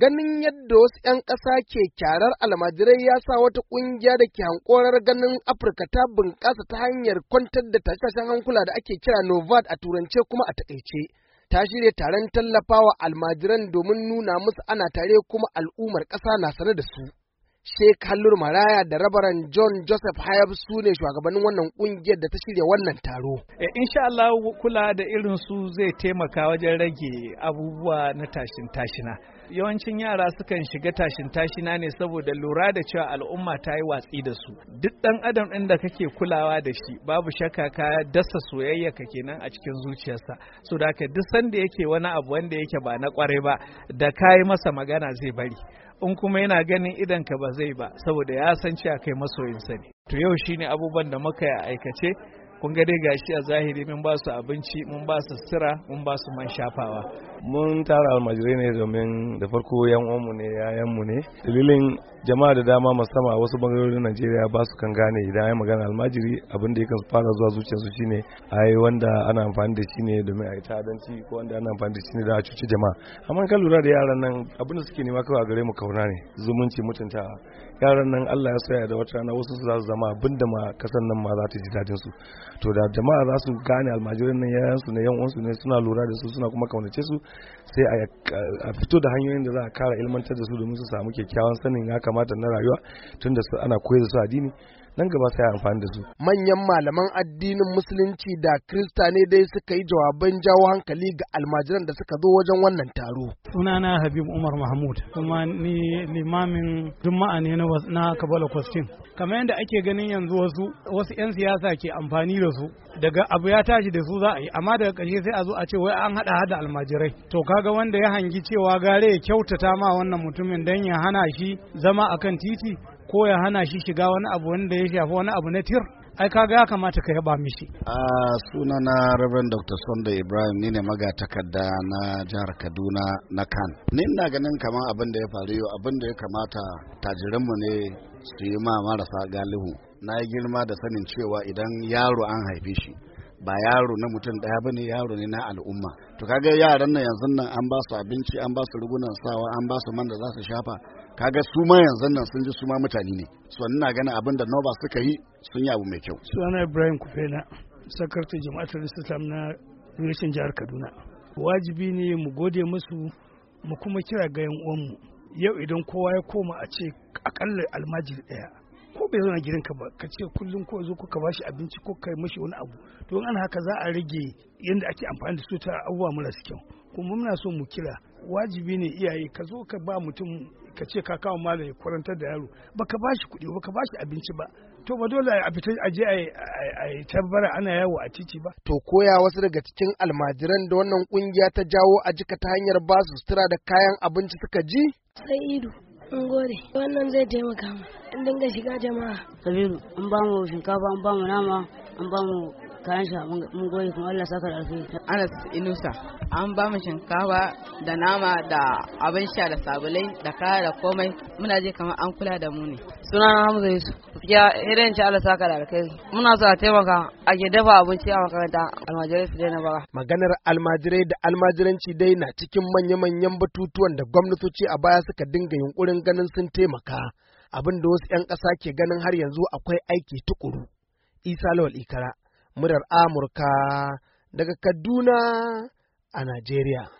Ganin yadda wasu ‘yan ƙasa ke kyarar almajirai ya sa wata ƙungiya da ke hankorar ganin Afirka ta bunƙasa ta hanyar kwantar da tashen hankula da ake kira Novad a turance kuma a taƙaice. Ta shirya taron tallafawa almajiran domin nuna musu ana tare kuma al'ummar ƙasa na sane da su. Sheikh Hallur Maraya da Rabaran John Joseph Hayab su ne shugabannin wannan kungiyar da ta shirya wannan taro. E, insha Allah kula da irin su zai taimaka wajen rage abubuwa na tashin tashina. yawancin yara sukan shiga tashin tashina ne saboda lura da cewa al'umma ta yi watsi da su duk dan adam ɗin da kake kulawa da shi babu shakka ka dasa soyayya ka kenan a cikin zuciyarsa so da duk sanda yake wani abu wanda yake ba na kwarai ba da kayi masa magana zai bari in kuma yana ganin idan ka ba zai ba saboda ya san cewa kai masoyinsa ne to yau shine abubuwan da muka a aikace kun ga dai gashi a zahiri mun ba su abinci mun ba su sira mun ba su man shafawa mun tara almajirai ne domin da farko yan uwanmu ne mu ne dalilin jama'a da dama musamman a wasu bangarorin Najeriya ba su kan gane idan ai magana almajiri abin da yakan fara zuwa zuciyar su shine ai wanda ana amfani da shi ne domin a yi ta'adanci ko wanda ana amfani da shi ne da a cuci jama'a amma kan lura da yaran nan abin da suke nema kawai a gare mu kauna ne zumunci mutuntawa yaran nan Allah ya saya da wata rana wasu su za su zama abin da ma kasan nan ma za ta ji dadin su to da jama'a za su gane almajirin nan yayan su ne yan uwansu ne suna lura da su suna kuma kaunace su sai a fito da hanyoyin da za a kara ilmantar da su domin su samu kyakkyawan sanin ya kamata na rayuwa tunda ana koyar da su addini nan gaba sai amfani da su manyan malaman addinin musulunci da krista ne dai suka yi jawaban jawo hankali ga almajiran da suka zo wajen wannan taro sunana habib umar mahmud kuma ni limamin juma'a ne na kabala kwastin kamar yadda ake ganin yanzu wasu wasu 'yan siyasa ke amfani da su daga abu ya tashi da su za a yi amma daga ƙarshe sai a zo a ce wai an haɗa hada almajirai to kaga wanda ya hangi cewa gare ya kyautata ma wannan mutumin don ya hana shi zama akan titi ko ya hana shi shiga wani abu wanda ya shafi wani abu na tir ai kaga ya kamata ka yaba mishi a suna na Reverend Dr. Sunday Ibrahim nine ne magatakarda na jihar Kaduna na Kan ni ina ganin kamar abin da ya faru yau abin da ya kamata mu ne su yi ma marasa galihu na girma da sanin cewa idan yaro an haife shi ba yaro na mutum daya bane yaro ne na al'umma to kaga yaran nan yanzu nan an ba su abinci an ba su rugunan sawa an ba su man da za su shafa kaga su ma yanzu nan sun ji su ma mutane ne so ina ganin abin da Nova suka yi sun yi abu mai kyau sunana Ibrahim Kufena sakarta jama'atul Islam na rashin jihar Kaduna wajibi ne mu gode musu mu kuma kira ga yan uwan mu yau idan kowa ya koma a ce akalla almajiri daya ko bai zauna gidanka ba ka ce kullum ko zo ko ka bashi abinci ko kai mashi wani abu to an haka za a rage yadda ake amfani da su ta abubuwa marasa kyau kuma muna so mu kira wajibi ne iyaye ka zo ka ba mutum ka ce ka kawo malam ya kwarantar da yaro baka ba shi kuɗi baka ba shi abinci ba to ba dole a fita a je a yi tabbara ana yawo a titi ba to koya wasu daga cikin almajiran da wannan kungiya ta jawo a jika ta hanyar ba su sutura da kayan abinci suka ji sai ido in gode wannan zai taimaka mu in dinga shiga jama'a kabiru an ba mu shinkafa an ba mu nama an ba mu kayan sha mun gode kuma Allah saka da alheri Anas Inusa an ba mu shinkafa da nama da abin sha da sabulai da kaya da komai muna je kamar an kula da mu ne sunana Hamza Yusuf gaskiya irin ci Allah saka da alkai muna so a taimaka a ke dafa abinci a makaranta almajirai su daina bara maganar almajirai da almajiranci dai na cikin manya-manyan batutuwan da gwamnatoci a baya suka dinga yunkurin ganin sun taimaka abin da wasu 'yan ƙasa ke ganin har yanzu akwai aiki tukuru isa lawal ikara murar amurka daga kaduna a najeriya